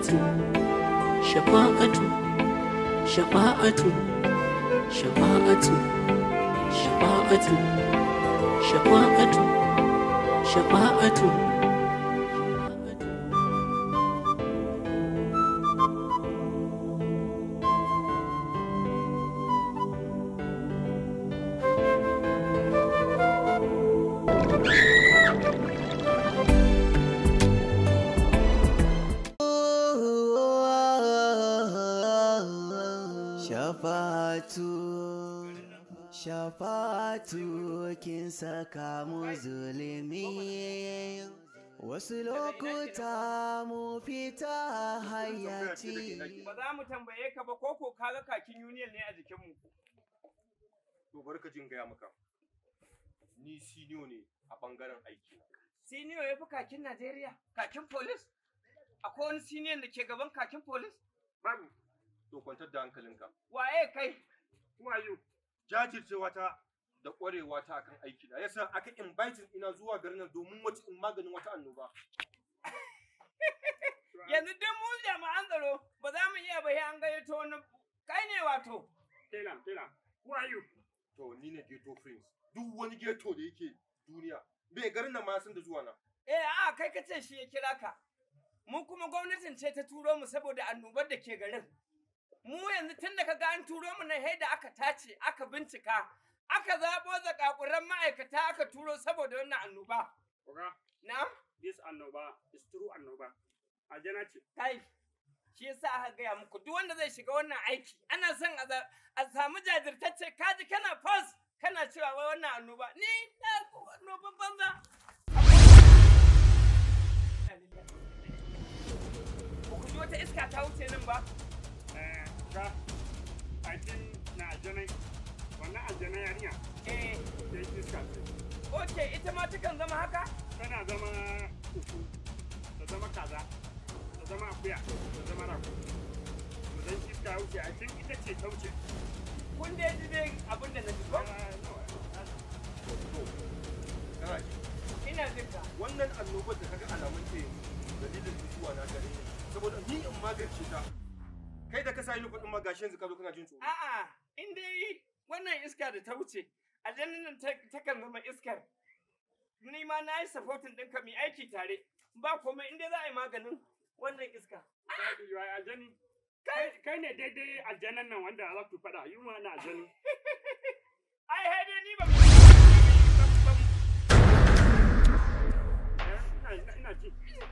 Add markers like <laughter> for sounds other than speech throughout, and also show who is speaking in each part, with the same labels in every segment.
Speaker 1: shafa'atu shafa'atu shafa'atu shafa'atu shafa'atu shafa'atu shafa'atu
Speaker 2: Talatu kin saka mu zulumi wasu lokuta mu fita hayyaci.
Speaker 1: Ba za mu tambaye ka ba koko kaga kakin union ne a jikinmu. To bari ka gaya maka. Ni senior ne a bangaren aiki. Senior ya fi kakin Najeriya, kakin police? Akwai wani senior da ke gaban kakin police? Babu. To kwantar da hankalinka. Waye kai? Kuma yau, Jajircewa ta da ƙwarewa ta akan aiki da yasa aka invite ina zuwa garin nan domin wata in maganin wata annoba <laughs> yanzu duk mu an tsaro ba za mu iya ba an gayyato wani kai ne wato tela tela who are you
Speaker 3: to ni ne ghetto prince duk
Speaker 1: wani ghetto da yake duniya bai garin nan ma san da zuwa na eh a kai kace shi ya kira ka mu kuma gwamnatin ce ta turo mu saboda annobar da ke garin mu yanzu tun da ka ga an turo mu na da aka tace aka bincika aka zaɓo zakakuran ma'aikata aka turo saboda wannan annoba. Oga. Na? This annoba is true annoba. Aljana ce. Kai. Shi yasa aka gaya muku duk wanda zai shiga wannan aiki ana son a samu jajirtacce kaji kana fas kana cewa wai wannan annoba ni na annoban banza. Ku ji wata iska ta wuce nan ba? Eh, ka. I think na Aljana Wannan aljana yarinya? Eh. Sai iska ce. Oke, ita ma takan zama haka? Tana zama kuku, ta zama kaza, ta zama akuya, ta zama rago. To dan iska ya wuce, a cikin ita ce ta wuce. Kun dai ji dai abin da na ji ko? Ah, Ina jin ka. Wannan annobar da kaga alamun ce dalilin mutuwa na gare ni. Saboda ni in magance ta. Kai da ka sa ni kuɗin magashin yanzu ka zo kana jin tsoro. A'a, in dai wannan iska da ta wuce aljannan nan takan zama iskar ni ma na yi supporting ka mai aiki tare ba komai inda za a yi maganin wannan iska aljani kai ne daidai aljanan nan wanda za ku faɗa yi ma na aljani <laughs> ai haide ni ba
Speaker 4: eh, ina ji cikin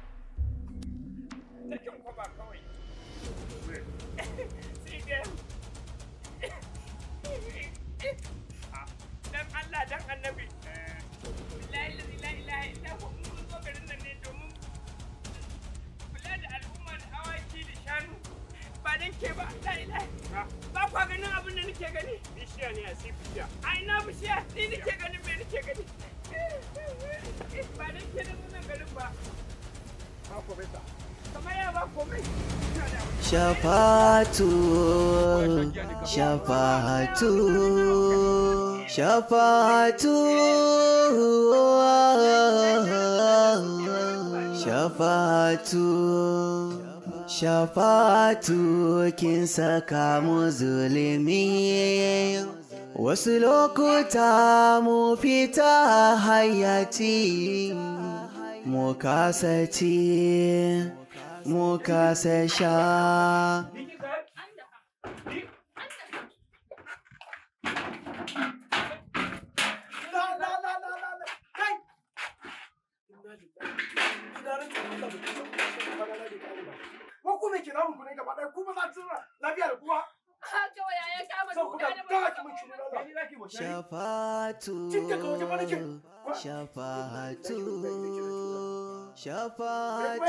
Speaker 1: <laughs> Dan Allah dan annabi. Billahi la ilaha illa zo garin nan ne domin kula da al'umma da awaki da shanu. Ba dan ke ba la ilaha. Ba kwa ganin abin da nake gani. Bishiya ne Ai na bishiya ni nake ganin me nake gani. Ba dan ke da garin ba. Ba ko
Speaker 2: shafatu shafatu shafatu shafatu shafatu kin saka mu wasu lokuta mu fita hayati mu kasace mu kasa sha Shafatu, Shafatu. shafatu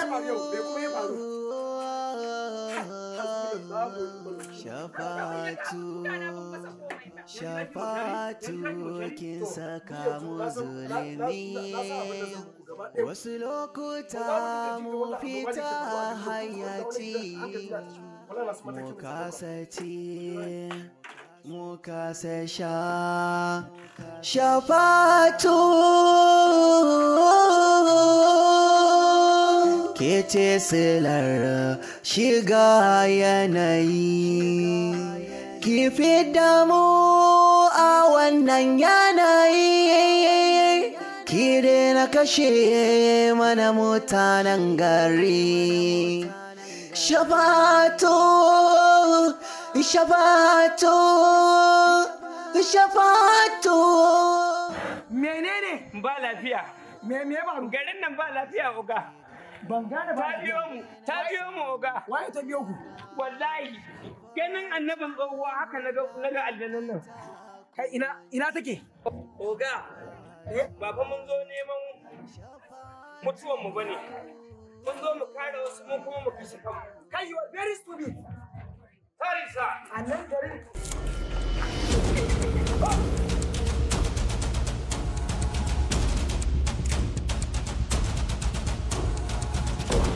Speaker 2: shafatu shafatu kin saka mu zulumi wasu lokuta mu fita hayati mu kasace mu kasa sha shafatu ke ce silar shiga yanayi ki fi damu a wannan yanayi ki na kashe mana mutanen gari shafatu shafatu shafatu
Speaker 1: menene ba lafiya me me ba garin nan ba lafiya buga. Ban gane ba. Ta biyo mu, ta biyo mu oga. Waye ta biyo ku? Wallahi, ganin annabin tsohuwa haka na ga aljanan nan. Kai ina ina take? Oga, eh? baba mun zo neman mutuwan mu bane. Mun zo mu kare wasu mun kuma mu kashe kanmu. Kai you are very stupid. Sorry A nan garin. Oh!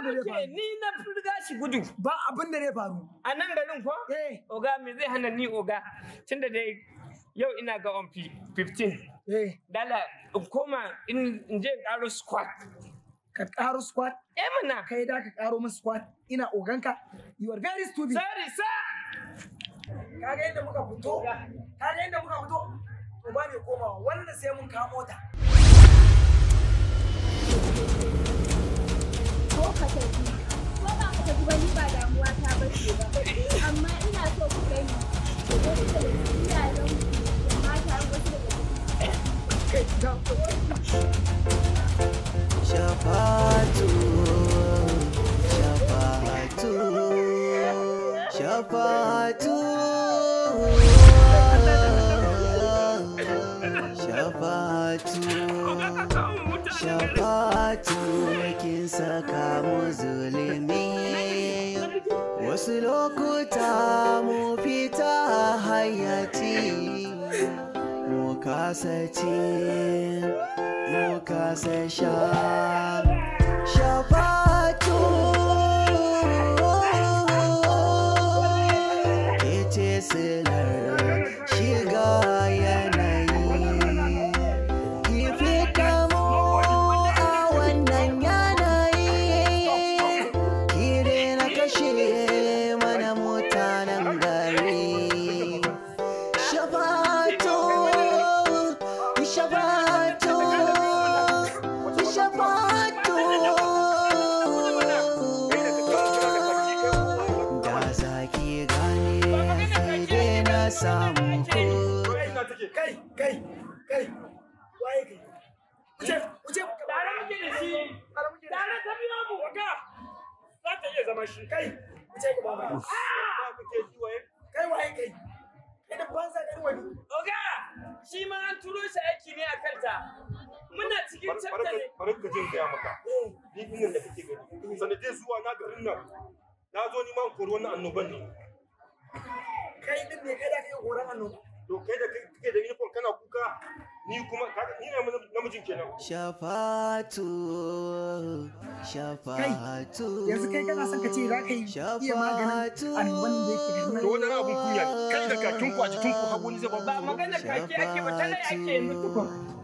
Speaker 1: abin da zai faru. Ni na riga shi gudu. Ba abin da zai faru. A nan garin ko? Eh. Oga me zai hana ni oga? Tunda dai yau ina ga on 15. Eh. Dala koma in je karo squat. Ka karo squat? Eh mana. Kai da ka karo min squat. Ina oganka. You are very stupid. Sorry
Speaker 4: sir.
Speaker 1: Kaga yadda muka fito? Kaga yadda muka fito? To ba ne komawa. Wannan sai mun kamo ta. thank you ko ka tafi ko ba ka tafi ba ba damuwa ta ba ce ba amma ina so ku gani da daga
Speaker 2: Shafatu, shafatu, shafatu, shafatu. <laughs> shafatu kin saka mu zulumi wasu lokuta mu fita hayati mu kasa ci mu kasa sha
Speaker 1: kai din ne kai da kai to kai da kai kake da uniform kana kuka ni kuma ni ne namijin kenan
Speaker 2: shafatu shafatu yanzu kai kana son ka ce za ka yi iya maganin annoban da yake da to wannan abun kunya
Speaker 1: kai da ka tunku a cikin ku hakuri zaba. ba ba magana ke ake ba tana ake yanzu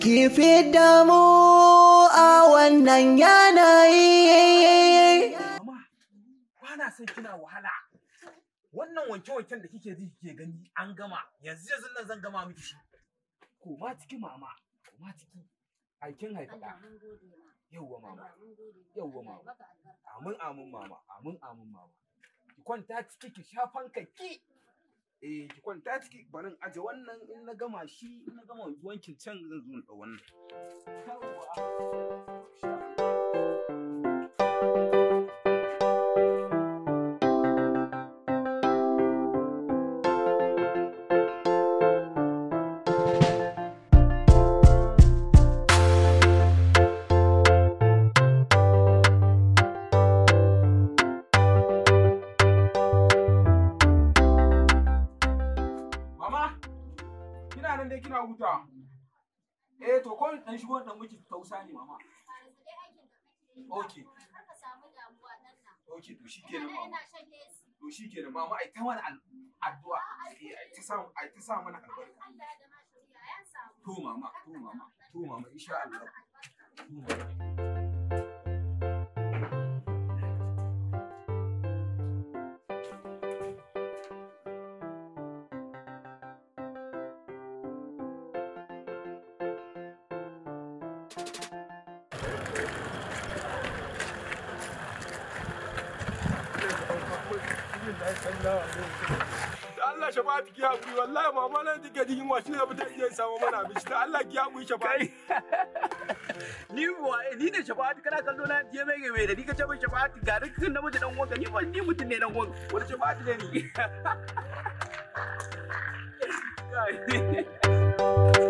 Speaker 2: ki fi damu a wannan yanayi.
Speaker 1: Bana son kina wahala. Wannan wanke-wanken da kike ji kike gani an gama yanzu yanzu nan zan gama miki shi. Koma ciki mama, koma ciki. Aikin haifaɗa.
Speaker 4: Yauwa, mama, Yauwa, mama.
Speaker 1: Amin amin mama, amin amin mama. Ki kwanta ciki ki shafan ka ki. eh ki kwanta ciki barin aje wannan in na gama shi in na gama wankin can zan zo da wannan kina nan dai kina huta eh to ko dan shigo dan miki tausa ne mama okay okay to shikenan mama to shikenan mama ai ta mana
Speaker 4: addu'a eh, ai ta sa
Speaker 1: ai ta mana albarka to mama to mama to mama insha Allah da Allah shafa'atu ki haƙuri wallahi mama na take jin yunwa shi ne fita iya samu mana abinci da Allah ki haƙuri shafa'atu <laughs> ni wa eh, ni ne shafa'atu kana kallo na je mai game da ni ka ce shafa'atu ga duk kan namiji dan wanka ni ba ni mutum ne dan wanka wani shafa'atu ne ni <laughs> <laughs>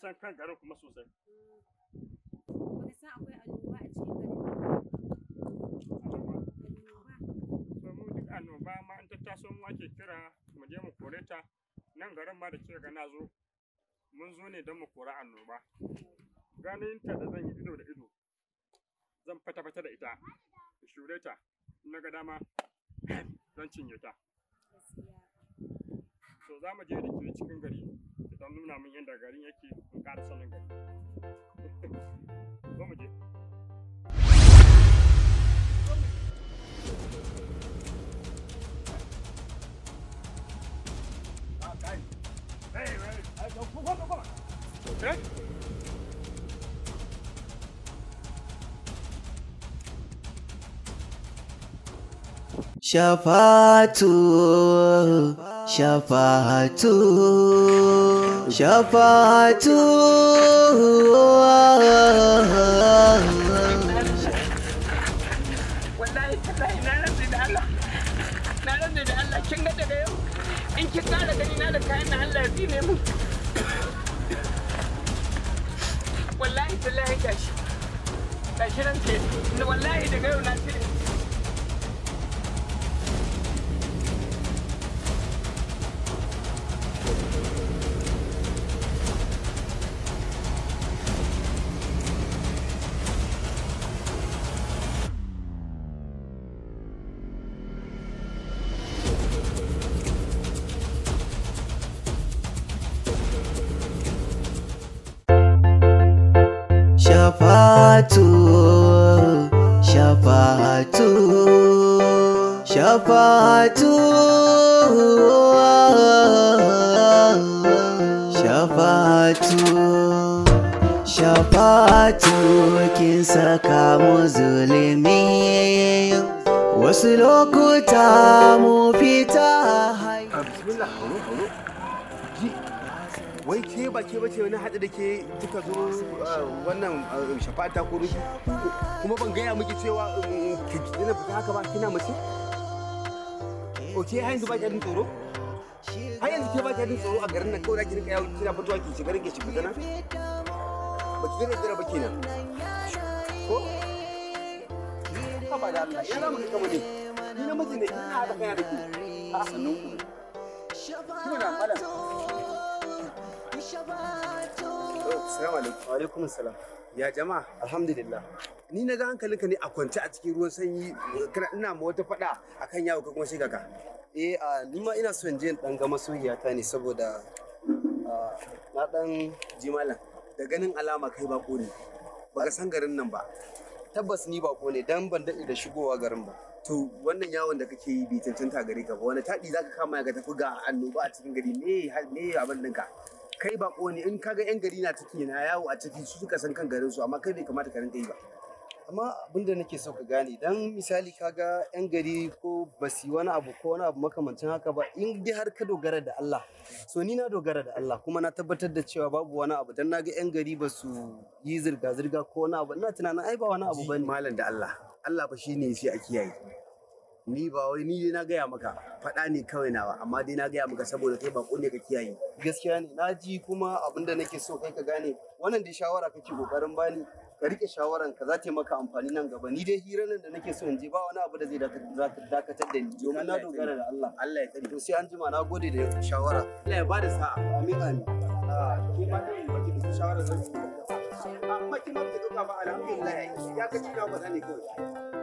Speaker 4: san kan garin kuma sosai baka san akwai annoba
Speaker 1: a cikin garin annoba ma an tattaso mu ake kira mu je mu kore ta nan garin ma da ke ga na zo mun zo ne don mu kora annoba ganin ta da zan yi ido da ido zan fata-fata da ita shure ta na ga dama zan cinye ta so za mu je da ke cikin gari ta nuna min yadda garin yake in ƙara sanin gari zo mu je Okay.
Speaker 2: Shafatu. shafa'atu shafa'atu wallahi na Allah
Speaker 1: da Allah daga yau in kara gani na da kayan na Allah ya ne mu wallahi ranke wallahi na
Speaker 2: shafa'atu shafa'atu shafa'atu kin saka mu zulumi wasu lokuta mu fita ah,
Speaker 3: wai ke ba ke bace wani da ke kika zo ah, wannan ah, kuma ban gaya miki cewa um, kina fita haka ba kina mace o ke har yanzu ba ki jin tsoro har yanzu ke ba ki jin tsoro a garin nan kawai ki rinka yawo kina fitowa ki shiga rinka ki fita ba ki zira zira ba kenan ko ba da Allah ya ramu kama ne ni na miji ne ina haɗa kaya da ki a sannan ku kuma na malam Assalamu alaikum. Ni na ga hankalinka ne a kwance a cikin ruwan sanyi ina ma wata faɗa akan yawo ka kuma shiga ka. Eh ni ma ina son jin dan ga masoyiyata ne saboda na dan ji da ganin alama kai bako ne. Baka san garin nan ba. Tabbas ni bako ne dan ban daɗe da shigowa garin ba. To wannan yawon da kake yi bi cancanta gare ka ba wani taɗi zaka kama ka tafi ga annoba a cikin gari me me abin ɗinka. kai ba ne in kaga yan gari na ciki na yawo a ciki su suka san kan garin su amma kai bai kamata ka rinka yi ba amma abin da nake so ka gane dan misali kaga yan gari ko basi wani abu ko wani abu makamancin haka ba in dai har ka dogara da Allah so ni na dogara da Allah kuma na tabbatar da cewa babu wani abu dan naga yan gari basu yi zirga zirga ko wani abu ina tunanin ai ba wani abu bane malam da Allah Allah ne shine shi a kiyaye ni ba wai ni na gaya maka faɗa ne kawai nawa amma dai na gaya maka saboda kai ba ne ka kiyaye gaskiya ne na ji kuma abin da nake so kai ka gane wannan da shawara kake kokarin bani ka rike shawaran ka za ta maka amfani nan gaba ni dai hira nan da nake so in je ba wani abu da zai dakatar da ni domin na dogara da Allah Allah ya kare to sai an jima na gode da shawara Allah ya bada sa'a amin amin a ke ba kai ba ki da shawara zan amma kin ba ki duka ba alhamdulillah ya kace na ba ne kawai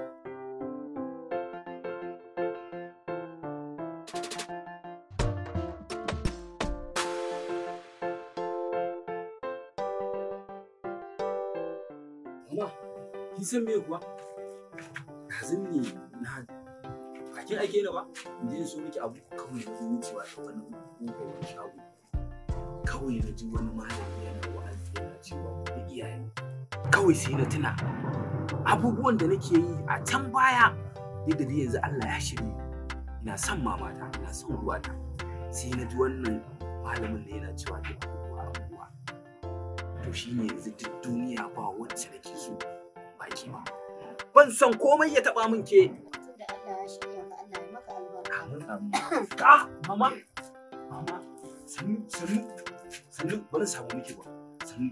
Speaker 1: san me kuwa kazin ne na kakin ake na ba in so miki abu kawai da wucewa da wani shago kawai na ji wani malami yana wa'azi yana cewa da iyaye kawai sai na tuna abubuwan da nake yi a can baya yadda da yanzu Allah ya shirye ina son mamata ina son ruwata sai na ji wannan malamin da yana cewa da abubuwa abubuwa to shine yanzu duk duniya ba wacce nake so ma. Ban son komai ya taɓa min ke. Ka mama, mama, sannu, sannu, sannu, bari samu miki ba, sannu.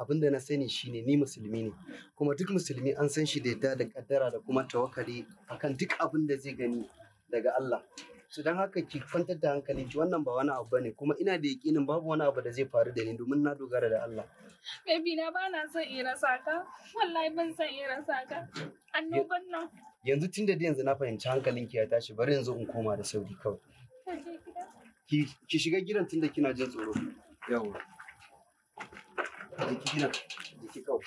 Speaker 3: abin da na sani shine ni musulmi ne kuma duk musulmi an san shi da yadda da kaddara da kuma tawakkali akan duk abin da zai gani daga Allah su don haka ki kwantar da hankali ki wannan ba wani abu bane kuma ina da yakinin babu wani abu da zai faru da ni domin na dogara da Allah
Speaker 1: baby na ba na son ina saka wallahi ban son ina saka annoban nan
Speaker 3: yanzu tun da yanzu na fahimci hankalin ki ya tashi bari yanzu in koma da sauri kawai ki shiga gidan tunda kina jin tsoro yawa
Speaker 2: jiki nan jiki kau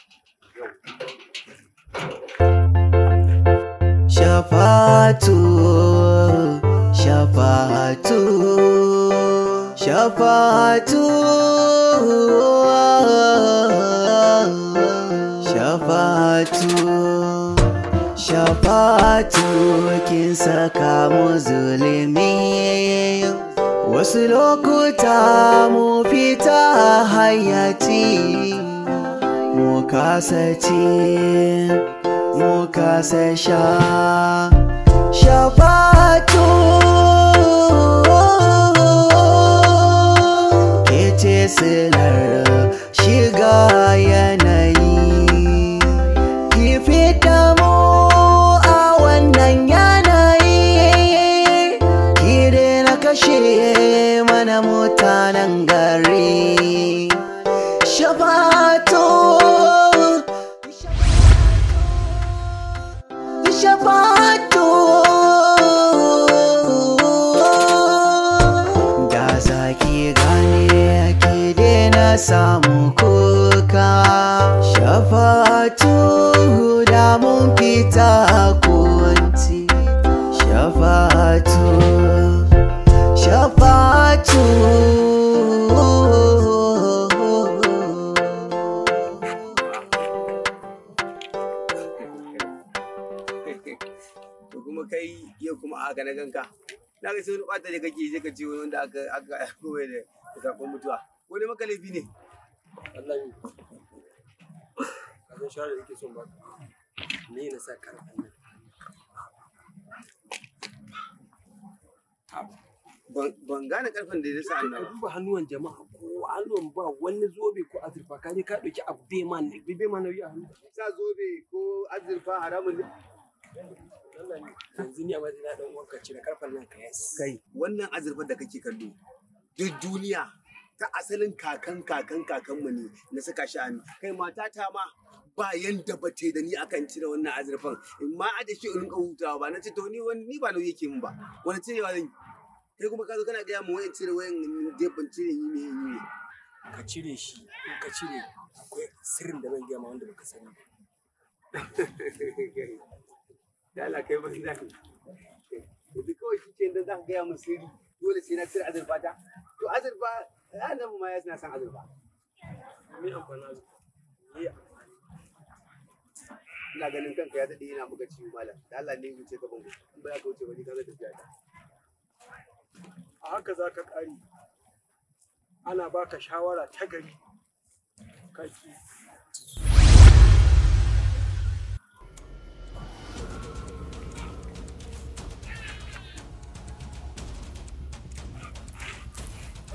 Speaker 2: Shafatu, shafatu, shafatu, shafatu, shafatu, kin saka mu wasu lokuta mu fita hayati mu kasa ci mu kasa sha shafatu ke ce silar shiga yana na mutanen gari shafato shafato da zaki gane ake daina samu kuka shafato
Speaker 3: haka na ganka na ga sai wani bata da kake je ka ce wani wanda aka aka koyi da sakon mutuwa ko ne maka laifi ne wallahi kazan shawara da yake son ba
Speaker 1: ni na sa kan ban gane karfin da ya sa annabi duba hannuwan jama'a ko hannuwan ba wani zobe ko azurfa ka je ka dauki abbe man ne bibbe man ne ya hannu
Speaker 3: sa zobe ko azurfa haramun ne yanzu ni a uwanka ce da karfan nan ka kai wannan azurfar da kake kallo duk duniya ta asalin kakan kakan kakan mu ne na saka shi hannu kai matata ma ba yanda ba da ni akan cire wannan azurfan in ma a da shi in ka hutawa ba na ce to ni wani ni ba nauyi ke min ba wani cirewa zan yi kai kuma ka zo kana gaya mu wayan cire wayan ban cire ni ne ni me ka cire shi in ka cire akwai sirrin da zan gaya ma wanda baka sani ba <laughs> da Allah kai ban zaki duk kawai shi ce da za ka gaya min sirri dole sai na cire azurfa ta to azurfa annabi ma ya san azurfa me amfani azurfa ina ganin kanka ya daɗe yana maka ciwo malam da Allah ne wuce ka bango in ba ka wuce ba ni ka zai tafiya ta a haka za ka ƙare ana baka shawara ta
Speaker 1: gari kaki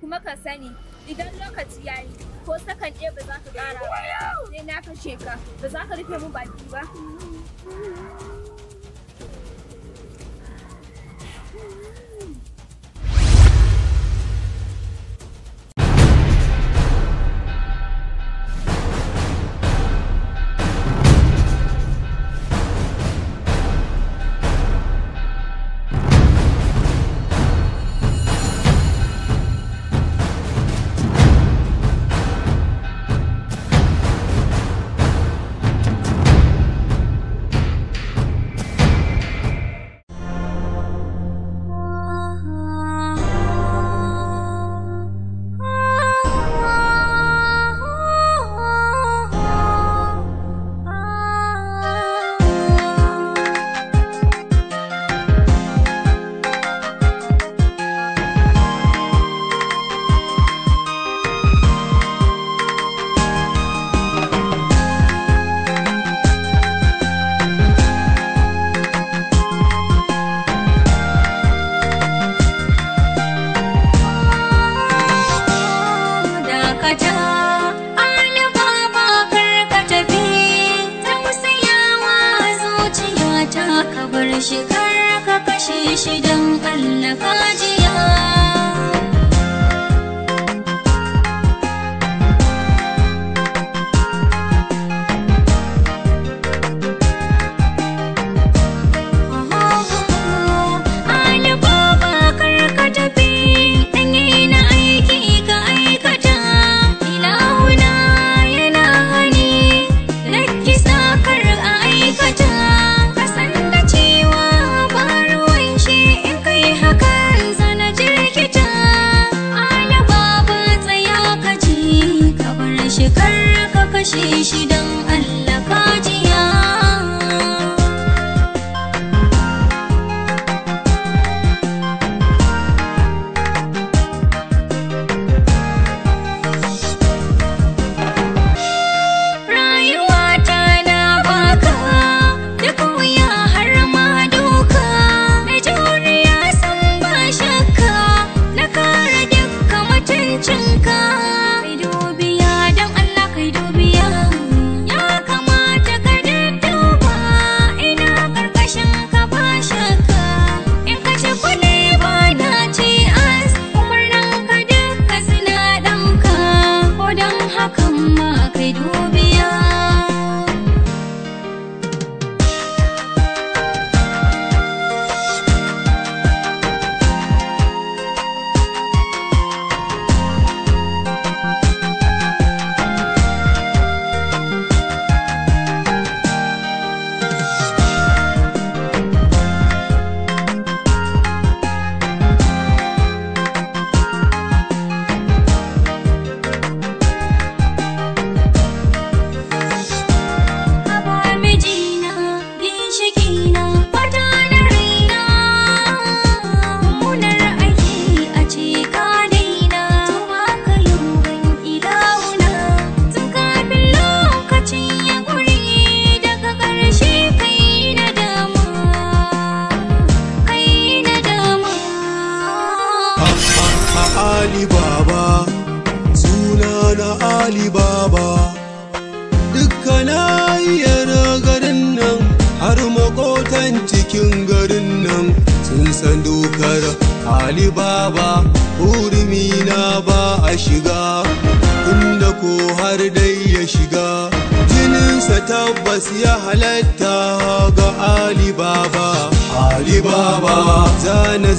Speaker 1: kuma ka sani idan lokaci ya yi ko sakan ɗaya ba za ka ƙara ba sai na kashe ka ba za ka rufe mu baki ba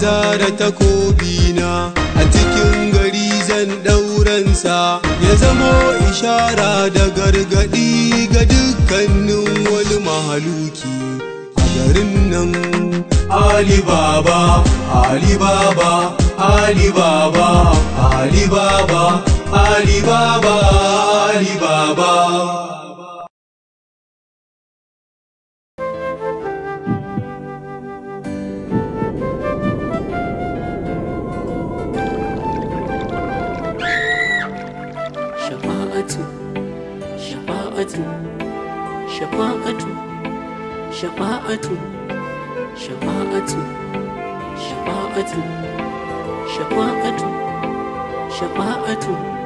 Speaker 3: zara takobina a cikin gari zan ɗauransa ya zamo ishara da gargaɗi ga dukkanin wani mahaluki a garin nan alibaba alibaba alibaba
Speaker 4: alibaba alibaba alibaba.
Speaker 1: shafa'atu shafa'atu shafa'atu shafa'atu shafa'atu